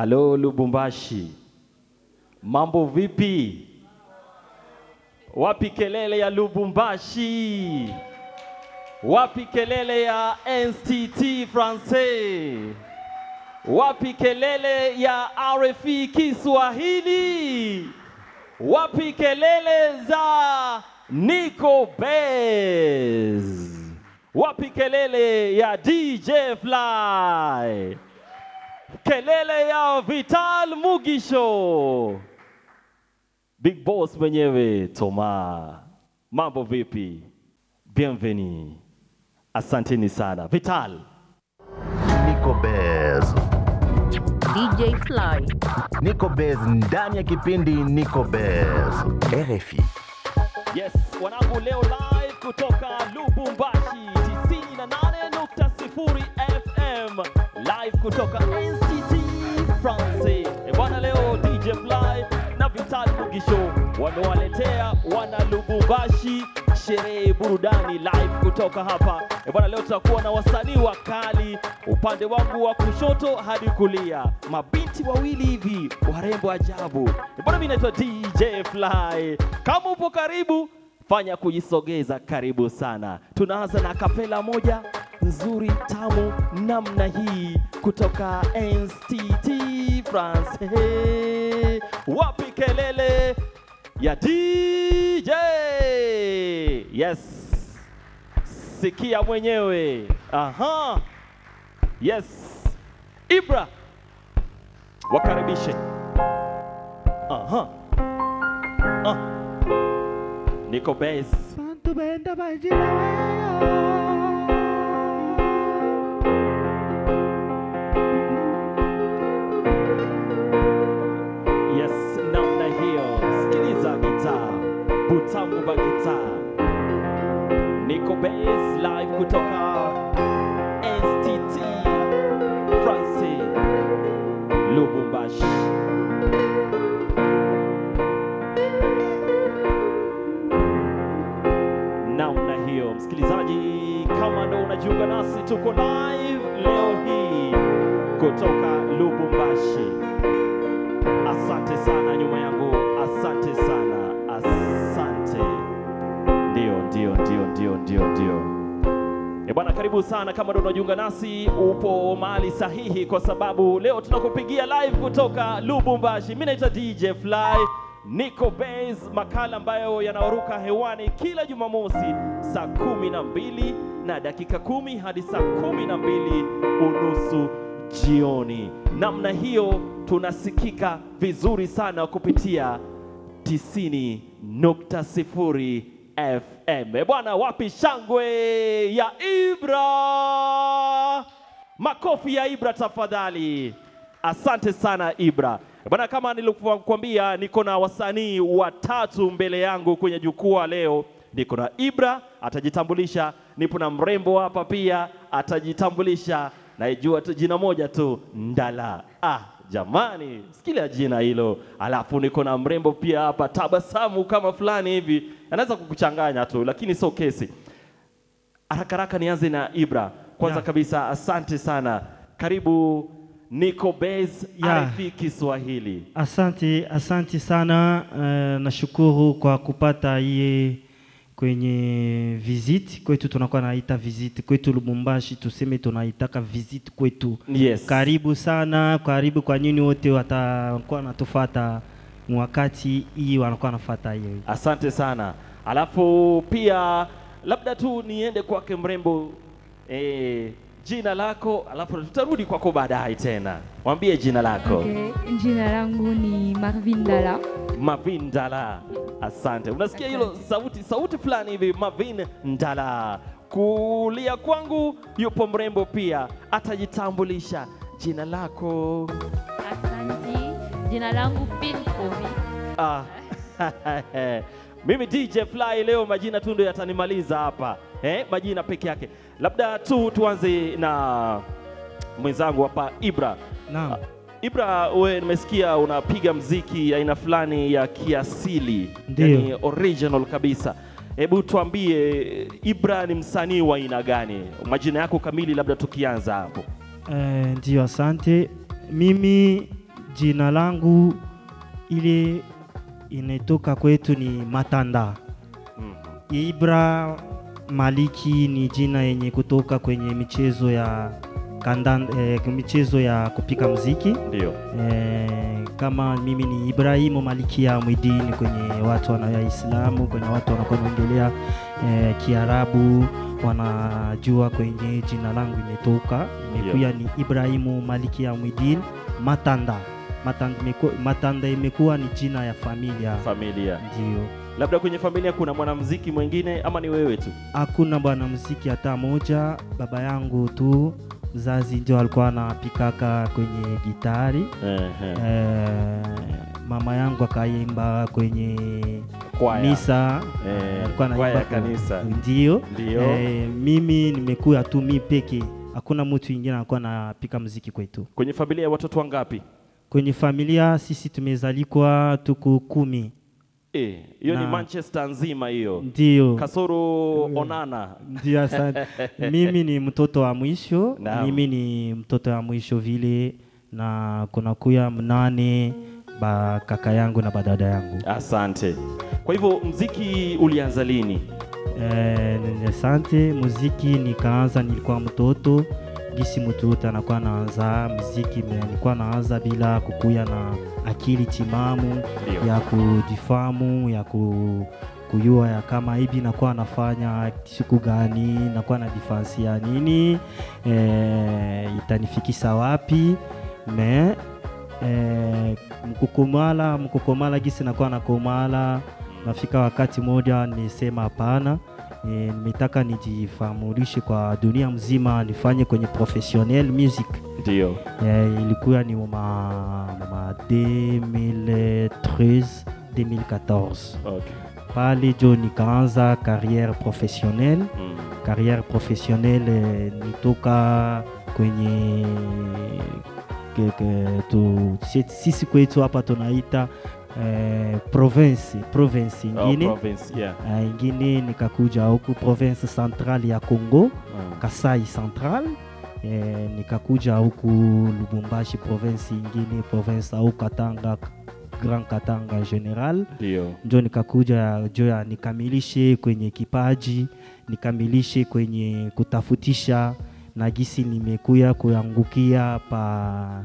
Halo Lubumbashi, mambo vipi? Wapi kelele ya Lubumbashi? Wapi kelele ya NCT Francais? Wapi kelele ya RFI Kiswahili? Wapi kelele za Nico Bez? Wapi kelele ya DJ Fly? kelele ya Vital Mugisho, big boss mwenyewe Toma. Mambo vipi? Bienvenue, asanteni sana Vital. Niko Bez. DJ Fly. niko Bez ndani ya kipindi niko Bez. RFI. Yes, wanangu leo live kutoka Lubumbashi 98.0 FM live kutoka Lubangi wamewaletea wana Lubumbashi sherehe burudani live kutoka hapa. E bwana, leo tutakuwa na wasanii wakali upande wangu wa kushoto hadi kulia, mabinti wawili hivi warembo ajabu. E bwana, mimi naitwa DJ Fly. Kama upo karibu, fanya kujisogeza, karibu sana. Tunaanza na kapela moja nzuri tamu namna hii kutoka NCT France. Hey wapi kelele ya DJ? Yes, sikia mwenyewe. Aha, yes, Ibra wakaribishe. Aha, ah, niko base Santu benda majina wewe. ndio, ndio. E bwana, karibu sana kama ndo unajiunga nasi, upo mahali sahihi, kwa sababu leo tunakupigia live kutoka Lubumbashi. Mimi naitwa DJ Fly Niko Base, makala ambayo yanaoruka hewani kila Jumamosi saa kumi na mbili na dakika kumi hadi saa kumi na mbili unusu jioni. Namna hiyo tunasikika vizuri sana kupitia 90.0 FM. Eh, Bwana, wapi shangwe ya Ibra? Makofi ya Ibra tafadhali. Asante sana Ibra. Bwana, kama nilikuambia niko na wasanii watatu mbele yangu kwenye jukwaa leo. Niko na Ibra atajitambulisha, nipo na mrembo hapa pia atajitambulisha, naijua jina moja tu Ndala. Ah, Jamani, sikila jina hilo. Alafu niko na mrembo pia hapa, tabasamu kama fulani hivi, anaweza kukuchanganya tu, lakini sio kesi. Haraka haraka nianze na Ibra kwanza yeah. kabisa asante sana, karibu Niko Base yeah. RFI Kiswahili. Asante, asante sana. Uh, nashukuru kwa kupata hii kwenye visit kwetu, tunakuwa naita visit kwetu Lubumbashi, tuseme tunaitaka visit kwetu. Yes. Karibu sana, karibu kwa nyinyi wote watakuwa natufuata wakati hii wanakuwa nafuata hiyo. Asante sana. Alafu pia labda tu niende kwake mrembo eh, jina lako, alafu tutarudi kwako baadaye tena. Mwambie jina lako. Okay, jina langu ni Marvin Dala. Marvin Dala, asante. Unasikia hilo sauti, sauti fulani hivi, Marvin ndala Kulia kwangu yupo mrembo pia, atajitambulisha jina lako. Asante, jina langu Pinkovi. Ah. Mimi DJ Fly leo majina tu ndio yatanimaliza hapa eh, majina peke yake. Labda tu tuanze na mwenzangu hapa Ibra. Naam. Ah, Ibra, we nimesikia unapiga mziki aina fulani ya kiasili, yani original kabisa. Hebu tuambie Ibra ni msanii wa aina gani? Majina yako kamili labda tukianza hapo. Eh, ndio, asante. Mimi jina langu ile inatoka kwetu ni Matanda. Mm. Ibra Maliki ni jina yenye kutoka kwenye michezo ya kandan, eh, michezo ya kupika muziki ndio. Eh, kama mimi ni Ibrahimu ya Mwidini kwenye watu wana Islamu, kwenye watu wanakuwa wanaongelea eh, Kiarabu wanajua kwenye jina langu imetoka imekuya Ni Ibrahimu Malikia Mwidin Matanda. Matanda imekuwa ni jina ya familia, familia. Ndio. Labda kwenye familia kuna mwanamziki mwingine ama ni wewe tu? Hakuna mwanamuziki hata moja, baba yangu tu mzazi ndio alikuwa anapikaka kwenye gitari e, mama yangu akaimba kwenye kwaya. Misa eh, alikuwa anaimba kanisa ndio. E, mimi nimekuwa tu mi peke, hakuna mtu ingine alikuwa anapika mziki kwetu. Kwenye familia ya watoto wangapi? Kwenye familia sisi tumezalikwa tuku kumi Eh, hiyo e, ni Manchester nzima hiyo. Ndio. Kasoro Onana. Ndio asante. mimi ni mtoto wa mwisho, mimi ni mtoto wa mwisho vile na kuna kuya mnane ba kaka yangu na badada yangu. Asante. Kwa hivyo mziki ulianza lini? Eh, asante. Muziki nikaanza nilikuwa mtoto gisi mtu yote anakuwa naanza mziki, nilikuwa naanza bila kukuya na akili timamu Lio. ya kujifahamu ya ku ya kama hivi nakuwa nafanya siku gani, nakuwa na difansi ya nini, e, itanifikisa wapi me e, eh, mkukumala mkukomala gisi nakuwa nakomala, mm. nafika wakati moja nisema hapana E, nimetaka nijifamulishe kwa dunia mzima, nifanye kwenye professional music. Ndio e, ilikuwa ni ma 2013 2014 okay. Pale jo nikaanza carrière professionnelle mm. Carrière professionnelle e, nitoka kwenye sisi kwetu hapa tunaita eh, province province oh, ingine oh, province, yeah. uh, ingine nikakuja huku province central ya Congo mm. Kasai Central eh, nikakuja huku Lubumbashi province ingine province au Katanga Grand Katanga General, ndio nikakuja joya nikamilishe kwenye kipaji, nikamilishe kwenye kutafutisha na gisi nimekuya kuangukia pa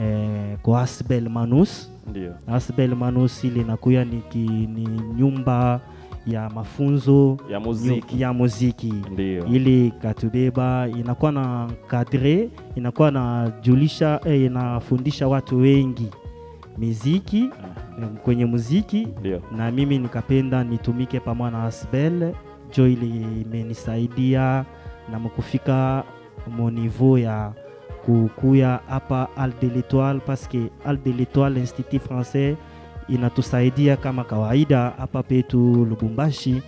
eh, kwa Asbel Manus. Ndio. Asbel Manus nakuya ni, ki, ni nyumba ya mafunzo ya muziki, ya muziki. ili katubeba inakuwa na kadre inakuwa na julisha eh, inafundisha watu wengi miziki eh, kwenye muziki Ndiyo. na mimi nikapenda nitumike pamoja na Asbel jo ili imenisaidia na mkufika niveau ya kukuya hapa Al de l'Etoile, parce que Al de l'Etoile Institut Français inatusaidia kama kawaida hapa petu Lubumbashi,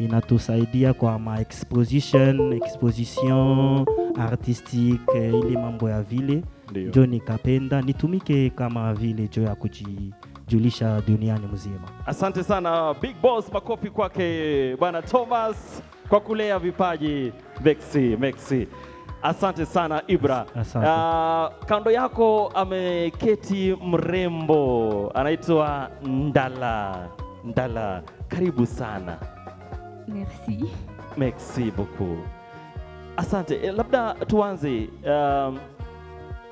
inatusaidia kwa ma exposition exposition artistique ile mambo ya vile, ndio nikapenda nitumike kama vile jo ya kujijulisha duniani mzima. Asante sana Big Boss, makofi kwake bwana Thomas kwa kulea vipaji Vexi Mexi. Asante sana Ibra. Asante. Uh, kando yako ameketi mrembo anaitwa Ndala. Ndala, karibu sana. Merci. Merci beaucoup. Asante. Eh, labda tuanze uh,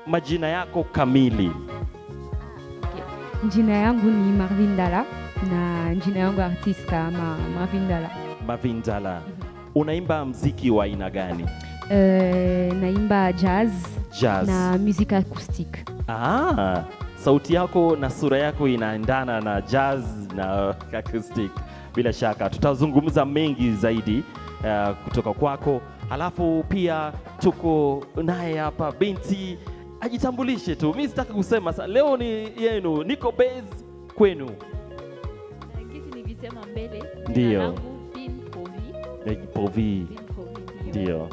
majina yako kamili. Ah, jina yangu ni Marvin Dala na jina yangu artista kama Marvin Dala. Marvin Dala. Mhm. Unaimba mziki wa aina gani? Eh, naimba jazz, jazz na music acoustic. Ah, sauti yako na sura yako inaendana na jazz na acoustic. Bila shaka tutazungumza mengi zaidi uh, kutoka kwako, halafu pia tuko naye hapa binti, ajitambulishe tu. Mimi sitaki kusema sa, leo ni yenu, niko base kwenu. mbele, ndio ndio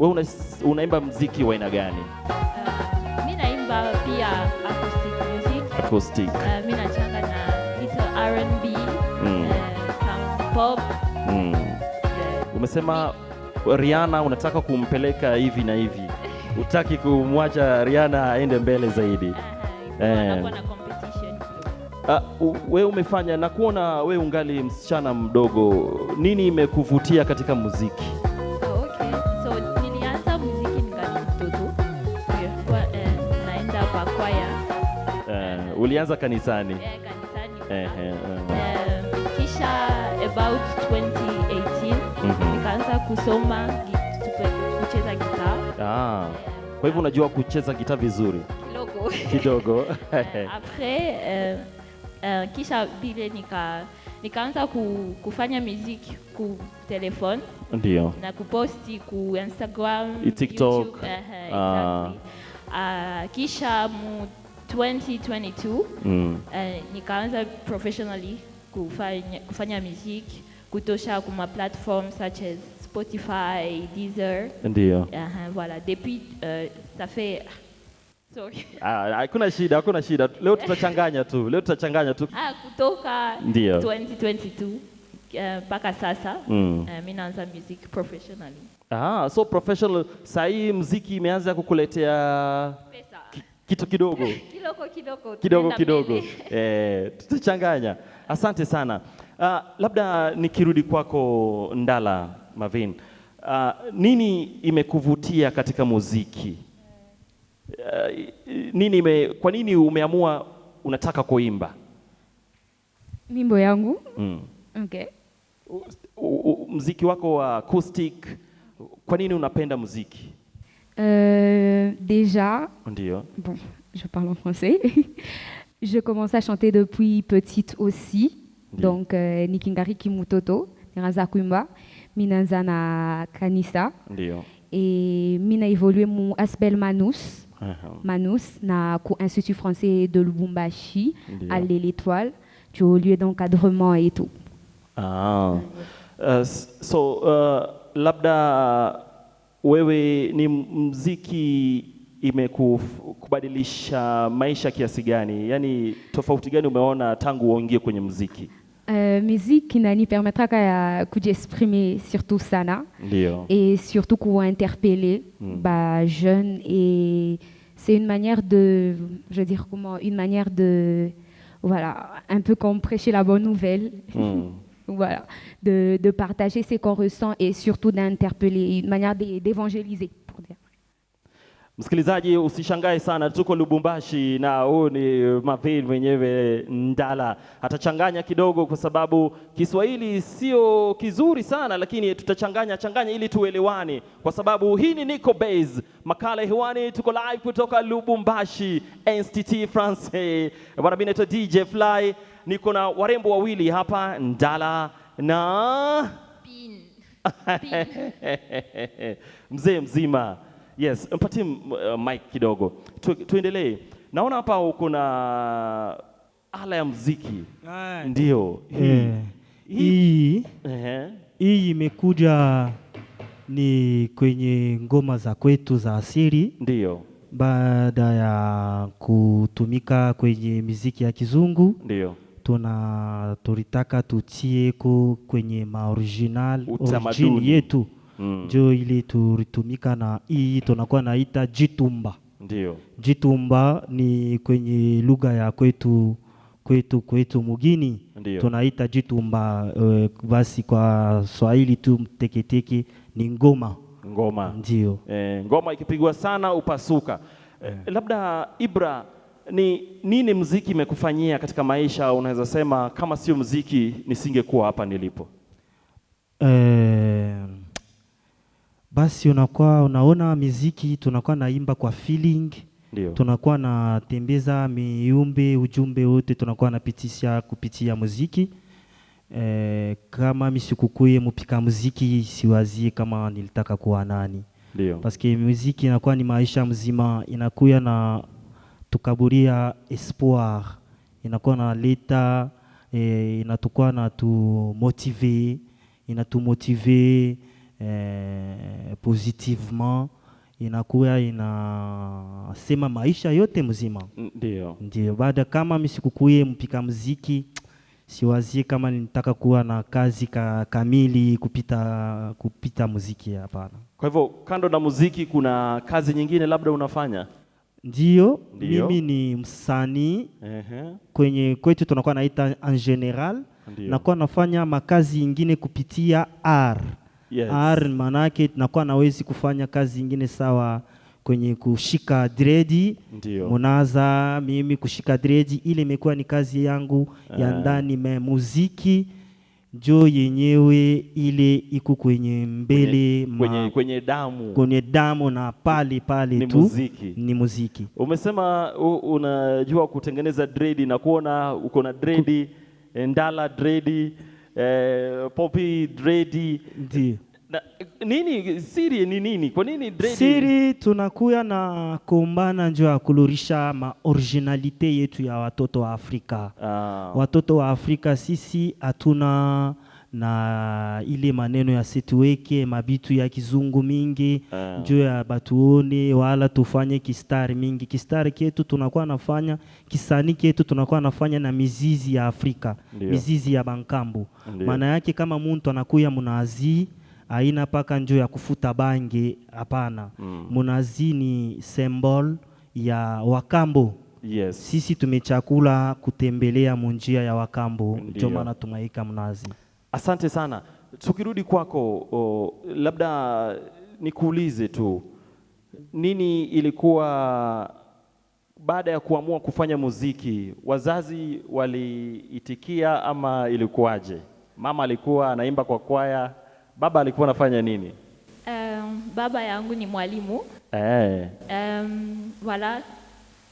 wewe una, unaimba mziki wa aina gani? Uh, mi naimba pia acoustic music. Acoustic. Uh, mi nachanga na hizo R&B, mm. uh, pop. Mm. Yeah. Umesema Rihanna unataka kumpeleka hivi na hivi. Utaki kumwacha Rihanna aende mbele zaidi. Uh, eh. Uh, ah, we umefanya na kuona we ungali msichana mdogo, nini imekuvutia katika muziki? kwa kwaya. Uh, ulianza kanisani? Yeah, kanisani. uh, uh. Uh, Kisha about 2018 mm -hmm. nikaanza kusoma kucheza gitaa. Ah. Uh, Kwa hivyo unajua kucheza gitaa vizuri? Kidogo. Kidogo. uh, Après uh, uh, kisha vile nika nikaanza ku, kufanya muziki ku telefoni ndio na kuposti ku Instagram, TikTok, YouTube, uh, uh, exactly. uh. Ah, kisha mu 2022 mm. uh, nikaanza professionally kufanya, kufanya muziki kutosha kuma platform such as Spotify, Deezer. Ndio. Uh, voilà. Depuis uh, ça fait Sorry. Ah, hakuna shida, hakuna shida. Leo tutachanganya tu. Leo tutachanganya tu. Ah, kutoka Ndio. 2022 Eh, mpaka sasa mm. Eh, mi naanza music professionally. Ah, so professional sahii mziki imeanza kukuletea pesa kitu kidogo kidogo kidogo kidogo kidogo eh, tutachanganya. Asante sana. Uh, labda nikirudi kwako Ndala Mavin, uh, ah, nini imekuvutia katika muziki? Uh, nini ime, kwa nini umeamua unataka kuimba? Mimbo yangu mm. okay. mziki wako wa acoustic, nini euh, déjà, bon, je parle en français. je commence à chanter depuis petite aussi. Donc, euh, Nikingari Kimutoto, niranza Kuimba, Minanzana Kanisa. Ndio. Et Mina évolué mon Asbel Manus. Uh-huh. Manus, na ku Institut français de Lubumbashi, à l'Étoile, tu au lieu d'encadrement et tout. Ah. Uh, so uh, labda wewe ni mziki imekubadilisha maisha kiasi gani? Yaani tofauti gani umeona tangu uingie kwenye mziki? Euh, musique inani permettra kujiexprimer surtout sana Lio. et surtout qu'on interpeller mm. bah, jeunes et c'est une manière de je veux dire comment une manière de voilà un peu comme prêcher la bonne nouvelle mm. voilà, de, de partager ce qu'on ressent et surtout d'interpeller, une manière d'évangéliser. Msikilizaji, usishangae sana, tuko Lubumbashi na huu ni eh, Mapili mwenyewe Ndala atachanganya kidogo, kwa sababu Kiswahili sio kizuri sana, lakini tutachanganya changanya ili tuelewane, kwa sababu hii ni Niko Base, makala hewani, tuko live kutoka Lubumbashi, NCT France. Bwana, mimi naitwa DJ Fly niko na warembo wawili hapa, Ndala na Bin. Bin. mzee mzima. Yes, mpatie mike uh, mic kidogo tu, tuendelee. Naona hapa uko na ala ya muziki ndio hii eh, hii imekuja ni kwenye ngoma za kwetu za asili, ndio baada ya kutumika kwenye miziki ya kizungu, ndio tuna tulitaka tutieko kwenye maoriginal origin yetu njo mm. ili tulitumika na hii tunakuwa naita jitumba. Ndio. Jitumba ni kwenye lugha ya kwetu kwetu kwetu mugini Ndiyo. tunaita jitumba uh, basi kwa Swahili tu teketeke ni ngoma ngoma. Ndio. E, eh, ngoma ikipigwa sana upasuka. E. Labda Ibra ni nini mziki imekufanyia katika maisha? Unaweza sema kama sio mziki nisingekuwa hapa nilipo. Eh, basi unakuwa unaona miziki, tunakuwa naimba kwa feeling Ndiyo. tunakuwa natembeza miumbe ujumbe wote tunakuwa napitisha kupitia muziki e, kama misikukuye mupika muziki siwazie kama nilitaka kuwa nani Ndiyo. paske muziki inakuwa ni maisha mzima inakuya na tukaburia espoir, inakuwa naleta e, eh, inatukua na tumotive inatumotive e, positivement inakuwa inasema maisha yote mzima. Ndio, ndio. Baada kama misikukuye mpika mziki siwazie kama nitaka kuwa na kazi ka, kamili kupita kupita muziki, hapana. Kwa hivyo kando na muziki kuna kazi nyingine labda unafanya? ndio mimi ni msanii uh -huh. Kwenye kwetu tunakuwa naita en general, nakuwa nafanya makazi ingine kupitia R. Yes. R manake nakuwa nawezi kufanya kazi ingine sawa kwenye kushika dredi munaza, mimi kushika dredi ile imekuwa ni kazi yangu uh -huh. ya eh. ndani, muziki njoo yenyewe ile iko kwenye mbele kwenye, ma, kwenye damu kwenye damu na pale pale ni tu muziki. ni muziki. Umesema unajua kutengeneza dredi na kuona uko na dredi eh, ndala dredi eh, popi dredi ndio na, nini siri ni nini? Kwa nini dreading? Siri tunakuya na kombana njo ya kulorisha ma originalite yetu ya watoto wa Afrika. Ah. Watoto wa Afrika sisi hatuna na ile maneno ya situweke mabitu ya kizungu mingi ah. njo ya batuone wala tufanye kistari mingi. Kistari ketu tunakuwa nafanya kisani ketu tunakuwa nafanya na mizizi ya Afrika. Ndiyo. Mizizi ya bankambu. Maana yake kama muntu anakuya munaazii haina paka njuu ya kufuta bangi, hapana. mm. ni symbol ya Wakambo. Yes. Sisi tumechakula kutembelea munjia ya Wakambo, ndio maana tumaika mnazi. Asante sana. Tukirudi kwako o, labda nikuulize tu nini ilikuwa baada ya kuamua kufanya muziki, wazazi waliitikia ama ilikuwaje? Mama alikuwa anaimba kwa kwaya Baba alikuwa anafanya nini? Um, baba yangu ni mwalimu. Eh. Um, wala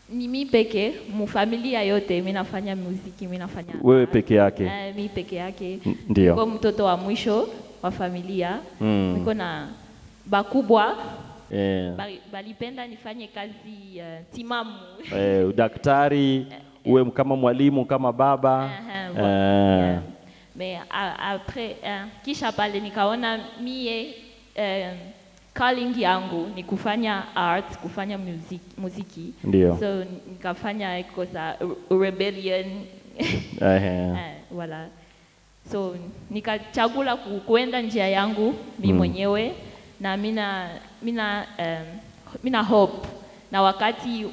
ni mi peke mufamilia yote mimi nafanya muziki, mimi nafanya. Wewe peke yake? Uh, mi peke yake. Ndio. Niko mtoto wa mwisho wa familia. Mm. Niko na bakubwa Yeah. Balipenda nifanye kazi uh, timamu eh, udaktari uwe kama mwalimu kama baba uh -huh, uh, yeah. Mais a, après eh, kisha pale nikaona mie eh, calling yangu ni kufanya art, kufanya muziki, muziki. Ndio. So nikafanya kosa rebellion eh, wala so nikachagula kuenda njia yangu mi hmm. mwenyewe mm. na mina mina um, mina hope na wakati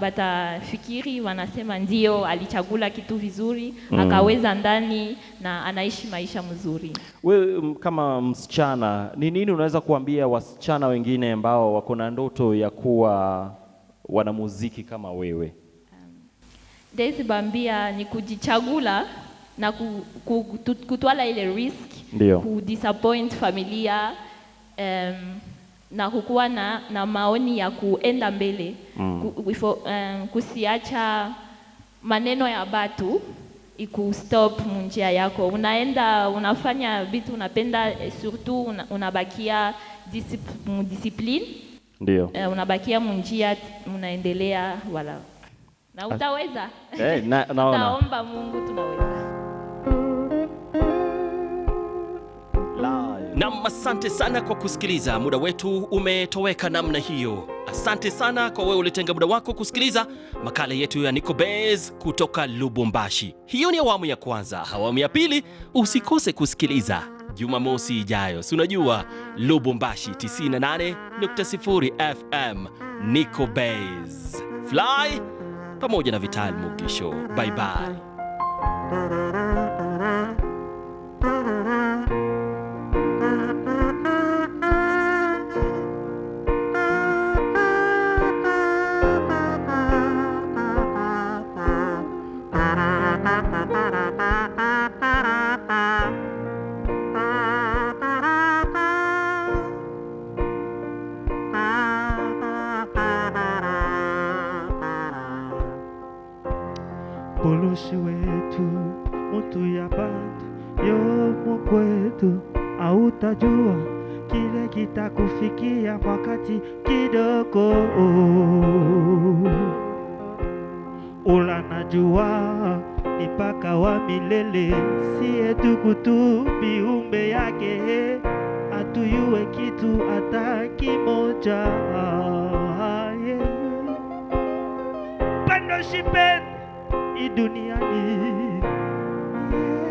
batafikiri bata wanasema ndio alichagula kitu vizuri mm. akaweza ndani na anaishi maisha mzuri. We, kama msichana, ni nini unaweza kuambia wasichana wengine ambao wako na ndoto ya kuwa wanamuziki kama wewe? Um, Daisy Bambia ni kujichagula na kutwala ile risk, ku disappoint familia um, na kukuwa na, na maoni ya kuenda mbele mm. kufo, um, kusiacha maneno ya batu ikustop munjia yako, unaenda unafanya vitu unapenda, eh, surtout una, unabakia mudisipline discipline ndio uh, unabakia munjia unaendelea wala na utaweza hey, eh, na, naona. Taomba Mungu tunaweza Nam, asante sana kwa kusikiliza. Muda wetu umetoweka namna hiyo. Asante sana kwa wewe ulitenga muda wako kusikiliza makala yetu ya Niko Base kutoka Lubumbashi. Hiyo ni awamu ya kwanza. Awamu ya pili usikose kusikiliza Jumamosi ijayo, si unajua Lubumbashi 98.0 FM Niko Base Fly pamoja na Vital Mugisho. Bye bye. Polusi wetu mtu yapata yomo kwetu, autajua kile kitakufikia wakati kidogo. Ula najua ni paka wa milele, siye tuku tu viumbe yake, atuyue kitu hata kimoja. Pando shipet dunia ini